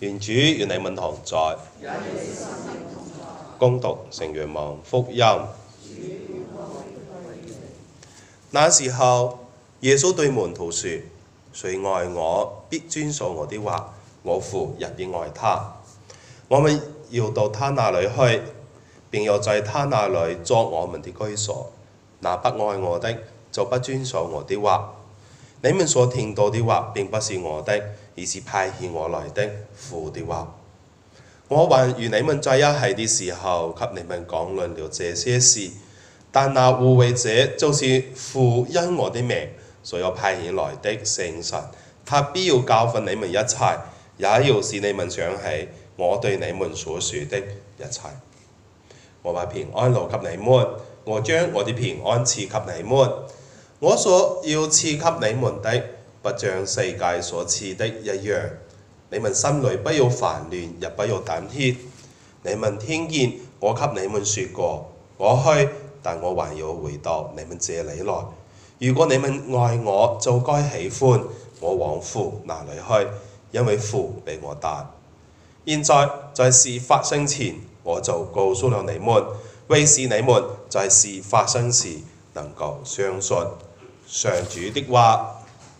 願主與你們同在。恭讀聖若望福音。福音那時候，耶穌對門徒說：誰愛我，必遵守我的話；我父也必愛他。我們要到他那裏去，便又在他那裏作我們的居所。那不愛我的，就不遵守我的話。你們所聽到的話，並不是我的。而是派遣我來的父的話，我還與你們在一起的時候，給你們講論了了這些事。但那護衛者就是父因我的名所有派遣來的聖神，他必要教訓你們一切，也要使你們想起我對你們所説的一切。我把平安留給你們，我將我的平安賜給你們，我所要賜給你們的。不像世界所賜的一樣，你們心裏不要煩亂，也不要膽怯。你們聽見我給你們説過，我去，但我還要回到你們這裏來。如果你們愛我，就該喜歡我往父那裏去，因為父比我大。現在在事發生前，我就告訴了你們，為使你們在事發生時能夠相信上主的話。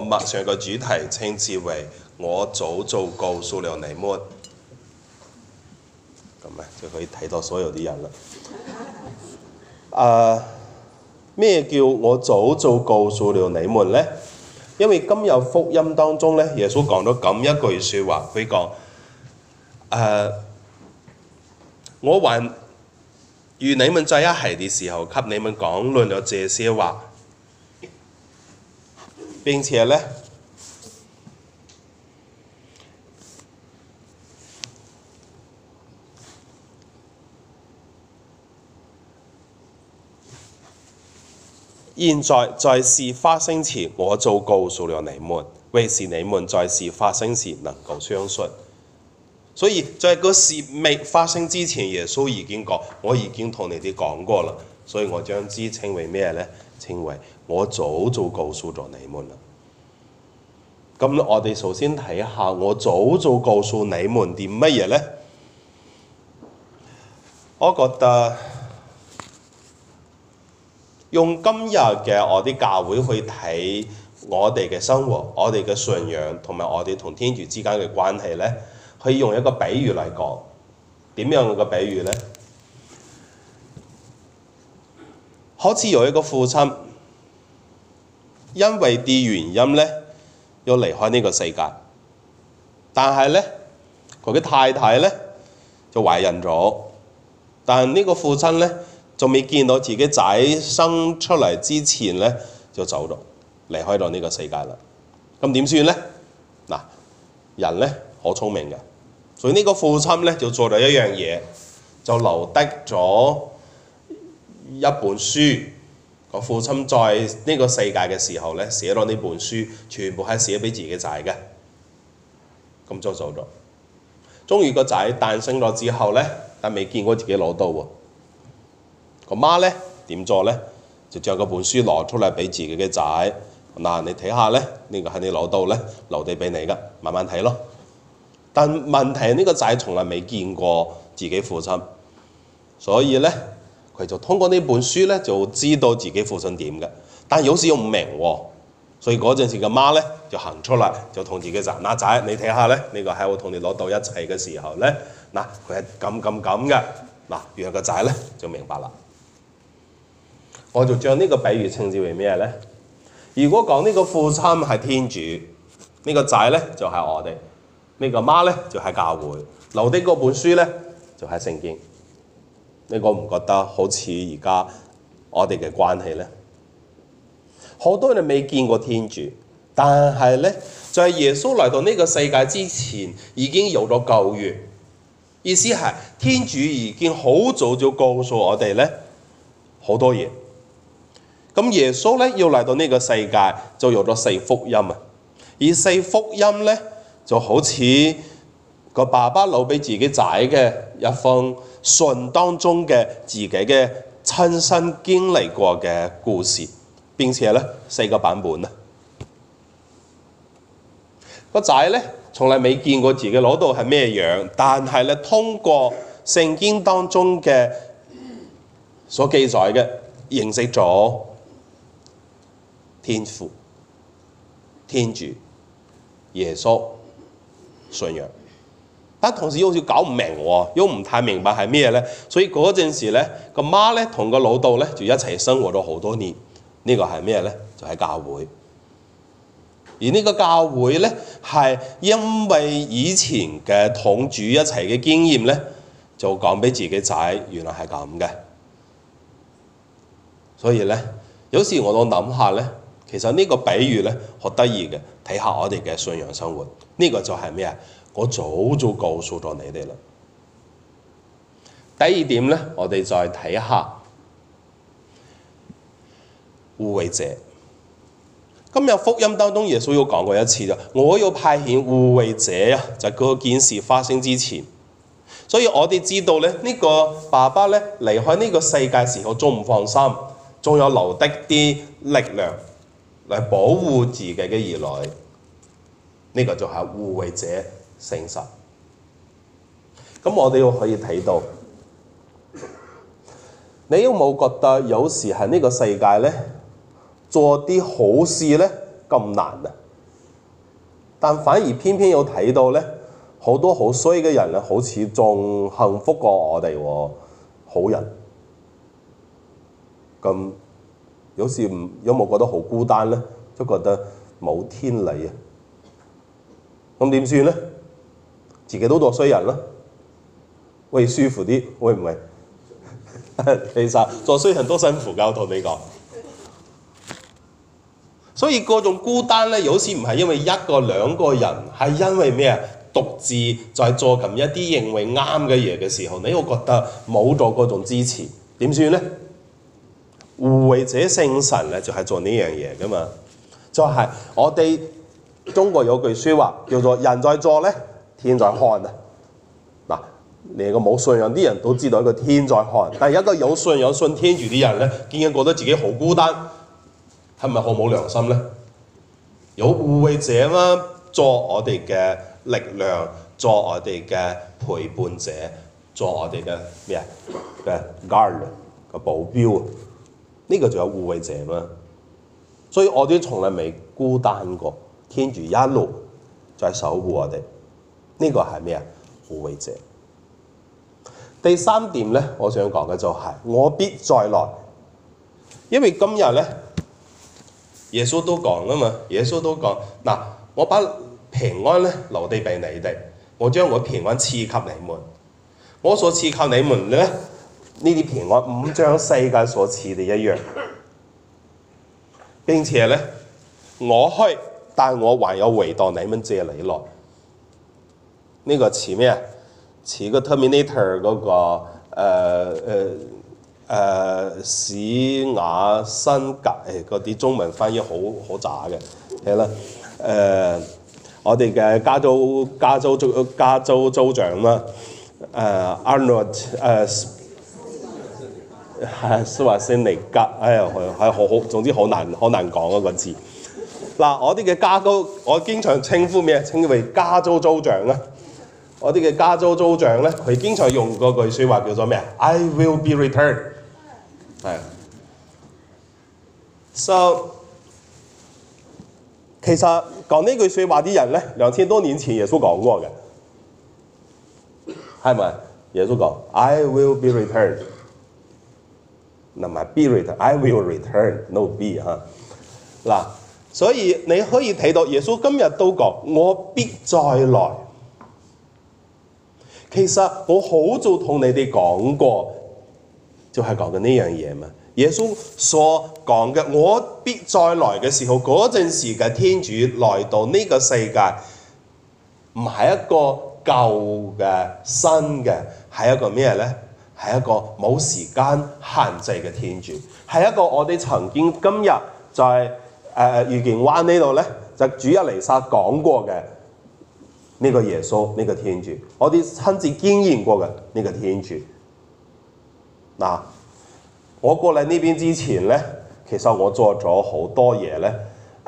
我默上個主題，稱之為我早就告訴了你們，咁啊就可以睇到所有啲人啦。啊，咩叫我早就告訴了你們咧？因為今日福音當中咧，耶穌講咗咁一句說話，佢講：誒、uh，我還與你們在一起嘅時候，給你們講論了這些話。並且咧，現在在事發生前，我就告訴了你們，為使你們在事發生時能夠相信。所以在個事未發生之前，耶穌已經講，我已經同你哋講過啦。所以我將之稱為咩咧？稱為我早就告訴咗你們啦。咁我哋首先睇下我早就告訴你們啲乜嘢咧？我覺得用今日嘅我啲教會去睇我哋嘅生活、我哋嘅信仰同埋我哋同天主之間嘅關係咧，可以用一個比喻嚟講，點樣嘅比喻咧？好似有一個父親，因為啲原因咧要離開呢個世界，但係咧佢嘅太太咧就懷孕咗，但係呢個父親咧仲未見到自己仔生出嚟之前咧就走咗，離開咗呢個世界啦。咁點算咧？嗱，人咧好聰明嘅，所以呢個父親咧就做咗一樣嘢，就留低咗。一本書，個父親在呢個世界嘅時候咧，寫咗呢本書，全部係寫俾自己仔嘅，咁就做咗。終於個仔誕生咗之後咧，但未見過自己老豆喎。個媽咧點做咧？就將個本書攞出嚟俾自己嘅仔。嗱，你睇下咧，這個、呢個係你老豆咧，留低俾你㗎，慢慢睇咯。但問題呢、呢個仔從來未見過自己父親，所以咧。佢就通過呢本書咧，就知道自己父親點嘅。但有時又唔明喎，所以嗰陣時個媽咧就行出嚟，就同自己就：嗱、啊、仔，你睇下咧，呢、這個喺我同你攞到一齊嘅時候咧，嗱佢係咁咁咁嘅。嗱，然後個仔咧就明白啦。我就將呢個比喻稱之為咩咧？如果講呢個父親係天主，這個、呢個仔咧就係、是、我哋，呢、這個媽咧就係、是、教會，留低嗰本書咧就係、是、聖經。你覺唔覺得好似而家我哋嘅關係咧？好多人未見過天主，但係咧就係、是、耶穌嚟到呢個世界之前已經有咗救恩，意思係天主已經好早就告訴我哋咧好多嘢。咁耶穌咧要嚟到呢個世界就有咗四福音啊，而四福音咧就好似～個爸爸留俾自己仔嘅一封信，當中嘅自己嘅親身經歷過嘅故事，並且咧四個版本啦。個仔咧從來未見過自己攞到係咩樣，但係咧通過聖經當中嘅所記載嘅認識咗天父、天主、耶穌、信仰。但同時又好似搞唔明喎，又唔太明白係咩咧，所以嗰陣時咧，個媽咧同個老豆咧就一齊生活咗好多年。這個、呢個係咩咧？就係、是、教會。而呢個教會咧，係因為以前嘅統主一齊嘅經驗咧，就講俾自己仔，原來係咁嘅。所以咧，有時我都諗下咧，其實呢個比喻咧，好得意嘅。睇下我哋嘅信仰生活，呢、這個就係咩啊？我早就告訴咗你哋啦。第二點咧，我哋再睇下護衛者。今日福音當中，耶穌有講過一次就：我要派遣護衛者呀，就嗰件事發生之前。所以我哋知道咧，呢個爸爸咧，離開呢個世界時候，仲唔放心，仲有留低啲力量嚟保護自己嘅兒女。呢個就係護衛者。誠實，咁我哋又可以睇到，你有冇覺得有時喺呢個世界咧，做啲好事咧咁難啊？但反而偏偏有睇到咧，好多好衰嘅人咧，好似仲幸福過我哋喎，好人咁，有時唔有冇覺得好孤單咧？都覺得冇天理啊！咁點算咧？自己都做衰人咯，會舒服啲，會唔會？其 實做衰人都辛苦㗎，我同你講。所以嗰種孤單咧，有時唔係因為一個兩個人，係因為咩啊？獨自在做緊一啲認為啱嘅嘢嘅時候，你會覺得冇咗嗰種支持，點算咧？護衞者聖神咧，就係做呢樣嘢噶嘛？就係、是、我哋中國有句説話叫做人在做咧。天在看啊！嗱，連個冇信仰啲人都知道一個天在看，但係一個有信仰信天主啲人咧，竟然覺得自己好孤單，係咪好冇良心咧？有護衛者啦，作我哋嘅力量，作我哋嘅陪伴者，作我哋嘅咩嘢嘅 guard 個保鏢，呢個就有護衛者啦。所以我哋從來未孤單過，天主一路在守護我哋。呢個係咩啊？護衛者。第三點咧，我想講嘅就係我必再來，因為今日咧，耶穌都講啊嘛，耶穌都講嗱，我把平安咧留低畀你哋，我將我平安賜給你們，我所賜給你們咧，呢啲平安，唔像世界所賜嘅一樣。並且咧，我去，但我還有回到你們這裏來。呢個似咩？似個 Terminator 嗰、那個誒誒、呃呃啊、史瓦辛格誒嗰啲中文翻譯好好渣嘅，係啦誒，我哋嘅加州加州，加州州加州州長啦誒、呃、Arnold 誒、呃、斯華辛、啊、尼格，哎呀係係好好，總之好難好難講嗰、啊那個字。嗱、呃、我哋嘅加州，我經常稱呼咩？稱為加州州長啊。我哋嘅加州州長咧，佢經常用嗰句説話叫做咩啊？I will be returned，係。所 以、so, 其實講呢句説話啲人咧，兩千多年前耶穌講過嘅。係咪？ 耶穌講 I will be returned，嗱咪 be returned，I will return，no be 啊。嗱，所以你可以睇到耶穌今日都講我必再來。其實我好早同你哋講過，就係講緊呢樣嘢嘛。耶穌所講嘅，我必再來嘅時候，嗰陣時嘅天主來到呢個世界，唔係一個舊嘅、新嘅，係一個咩咧？係一個冇時間限制嘅天主，係一個我哋曾經今日在誒御見灣呢度咧，就主亞嚟沙講過嘅。呢個耶穌，呢、這個天主，我哋親自見驗經驗過嘅呢、這個天主。嗱、呃，我過嚟呢邊之前咧，其實我做咗好多嘢咧，誒、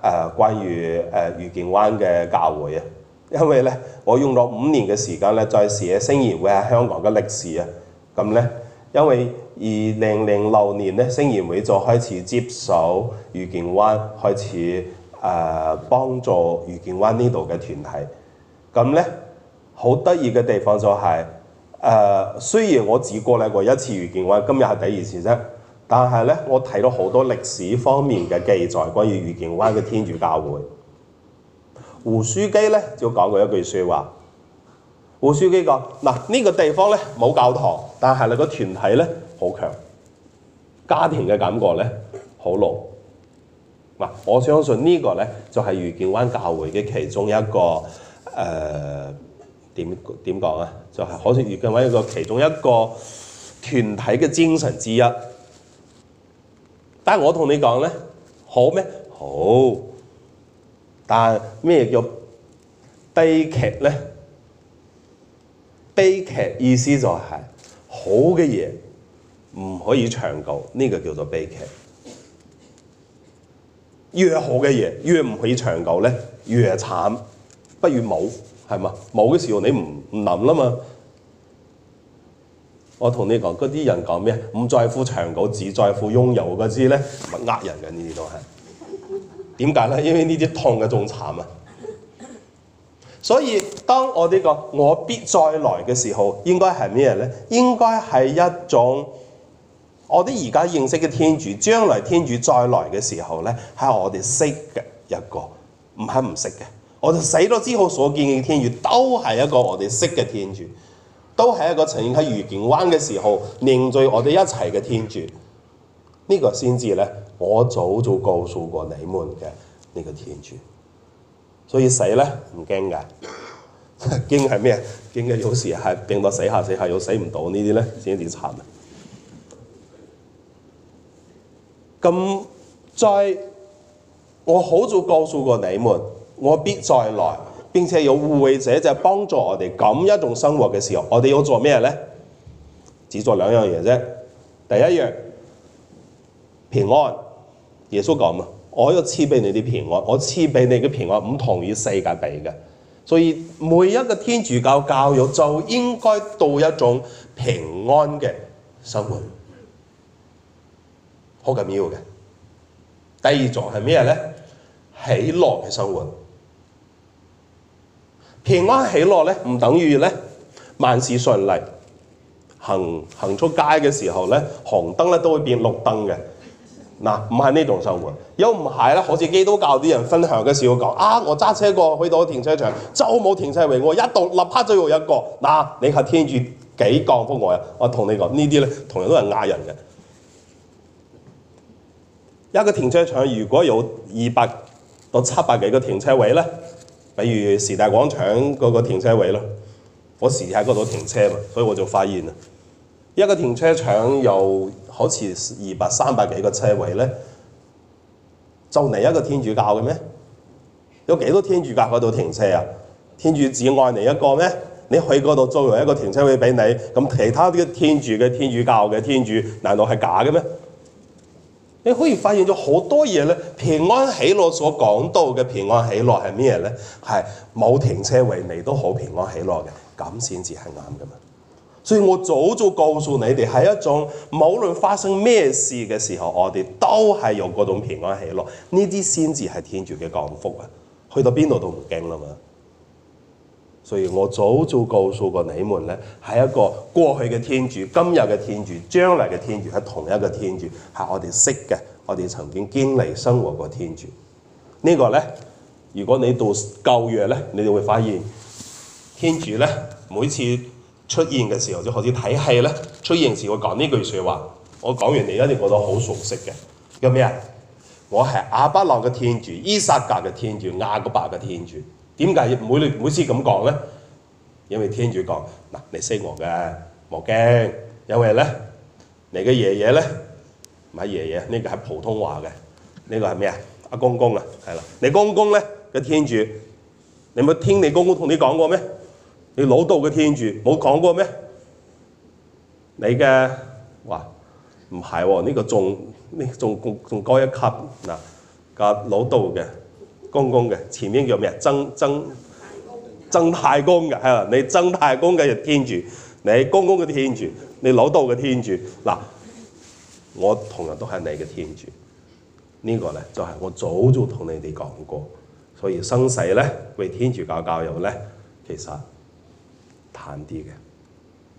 呃，關於誒愉景灣嘅教會啊，因為咧，我用咗五年嘅時間咧，再寫聖言會喺香港嘅歷史啊。咁咧，因為二零零六年咧，聖言會就開始接手愉景灣，開始誒幫、呃、助愉景灣呢度嘅團體。咁咧，好得意嘅地方就係、是，誒、呃、雖然我只過嚟過一次愉景灣，今日係第二次啫，但係咧，我睇到好多歷史方面嘅記載關於愉景灣嘅天主教會。胡樞機咧就講過一句説話，胡樞機講，嗱，呢個地方咧冇教堂，但係你個團體咧好強，家庭嘅感覺咧好濃。嗱，我相信個呢個咧就係愉景灣教會嘅其中一個。誒點點講啊？就係、是、可惜粵劇為一個其中一個團體嘅精神之一。但係我同你講咧，好咩？好。但係咩叫悲劇咧？悲劇意思就係好嘅嘢唔可以長久，呢、這個叫做悲劇。越好嘅嘢，越唔可以長久咧，越係慘。不如冇，係嘛？冇嘅時候你唔唔諗啦嘛。我同你講，嗰啲人講咩？唔在乎長久，只在乎擁有嗰啲咧，係呃人嘅呢啲都係。點解咧？因為呢啲痛嘅仲慘啊！所以當我哋、講我必再來嘅時候，應該係咩咧？應該係一種我哋而家認識嘅天主，將來天主再來嘅時候咧，係我哋識嘅一個，唔係唔識嘅。我就死咗之後所見嘅天主都係一個我哋識嘅天主，都係一個曾經喺愉景灣嘅時候凝聚我哋一齊嘅天主，這個、呢個先至咧，我早早告訴過你們嘅呢、這個天主，所以死咧唔驚㗎，驚係咩啊？驚 嘅有時係病到死下死下又死唔到呢啲咧，先至慘啊！咁再，我好早告訴過你們。我必再來，並且有護衛者就幫助我哋咁一種生活嘅時候，我哋要做咩咧？只做兩樣嘢啫。第一樣平安，耶穌講啊，我要賜畀你啲平安，我賜畀你嘅平安唔同於世界畀嘅，所以每一個天主教教育就應該到一種平安嘅生活，好緊要嘅。第二種係咩咧？喜樂嘅生活。平安喜樂咧，唔等於咧萬事順利。行行出街嘅時候咧，紅燈咧都會變綠燈嘅。嗱、呃，唔係呢種生活。如唔係咧，好似基督教啲人分享嘅時候講：啊，我揸車過去到停車場，就冇停車位，我一到立刻就有一個。嗱、呃，你係天主幾降福我呀？我同你講呢啲咧，同樣都係呃人嘅。一個停車場如果有二百到七百幾個停車位咧。例如時代廣場嗰個停車位咯，我時喺嗰度停車嘛，所以我就發現啦，一個停車場有好似二百三百幾個車位咧，就你一個天主教嘅咩？有幾多天主教喺度停車啊？天主只愛你一個咩？你去嗰度租用一個停車位畀你，咁其他啲天主嘅天主教嘅天主，難道係假嘅咩？你可以發現咗好多嘢咧，平安喜樂所講到嘅平安喜樂係咩咧？係冇停車位你都好平安喜樂嘅，咁先至係啱噶嘛。所以我早早告訴你哋係一種無論發生咩事嘅時候，我哋都係有嗰種平安喜樂，呢啲先至係天主嘅降福啊，去到邊度都唔驚吖嘛。所以我早就告訴過你們呢，係一個過去嘅天主、今日嘅天主、將來嘅天主，係同一個天主，係我哋識嘅，我哋曾經經歷生活過天主。呢、這個呢，如果你到舊約呢，你就會發現天主呢，每次出現嘅時候，就好似睇戲呢，出現時會講呢句說話。我講完你一定覺得好熟悉嘅，叫咩啊？我係亞巴郎嘅天主、依撒格嘅天主、雅各伯嘅天主。點解每每次咁講呢？因為天主講嗱，你識我嘅，莫驚。因為咧，你嘅爺爺呢？唔係爺爺，呢個係普通話嘅。呢個係咩啊？阿公公啊，係啦。你公公呢？嘅天主，你冇聽你公公同你講過咩？你老豆嘅天主冇講過咩？你嘅哇唔係喎，呢、哦呢個仲，仲，仲，仲高一級嗱，老豆嘅。公公嘅前面叫咩啊？曾曾曾，曾太公嘅，係嘛？你曾太公嘅係天主，你公公嘅天主，你老豆嘅天主。嗱，我同樣都係你嘅天主。這個、呢個咧就係、是、我早就同你哋講過，所以生死咧為天主教教友咧，其實淡啲嘅。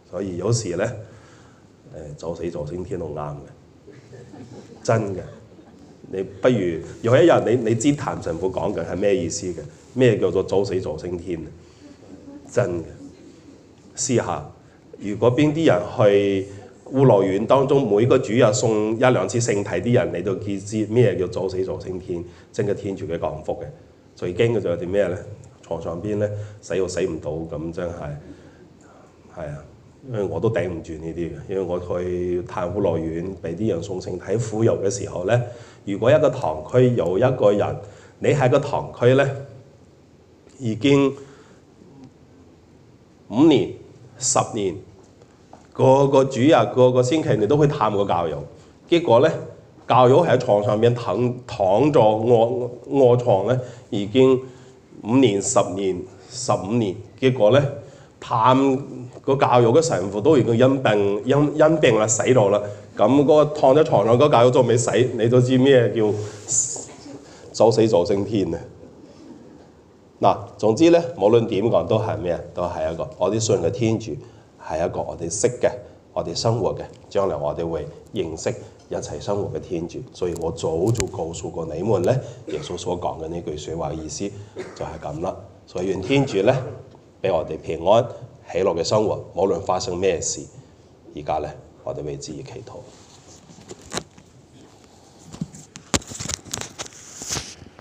所以有時咧，誒早死早升天都啱嘅，真嘅。你不如有一日你你知譚神父講緊係咩意思嘅？咩叫做早死早升天？真嘅。試下，如果邊啲人去護老院當中每個主日送一兩次聖體啲人，你都見知咩叫早死早升天？真嘅天主嘅降福嘅，最驚嘅就係啲咩咧？床上邊咧死又死唔到，咁真係係啊！因為我都頂唔住呢啲嘅，因為我去太古樂園畀啲人送聖體傅油嘅時候咧，如果一個堂區有一個人，你喺個堂區咧已經五年、十年，個個主日、個個星期你都會探個教友。結果咧，教友喺床上面躺躺住臥臥牀咧已經五年、十年、十五年，結果咧。探個教育嘅神父都已經因病因因病啦死咗啦，咁、那、嗰個躺喺牀度個教育仲未死，你都知咩叫早死早升天啊？嗱、呃，總之咧，無論點講都係咩啊？都係一,一個我哋信嘅天主，係一個我哋識嘅，我哋生活嘅，將來我哋會認識一齊生活嘅天主。所以我早就告訴過你們咧，耶穌所講嘅呢句説話嘅意思就係咁啦。所以願天主咧。俾我哋平安喜樂嘅生活，無論發生咩事，而家咧，我哋為之而祈禱。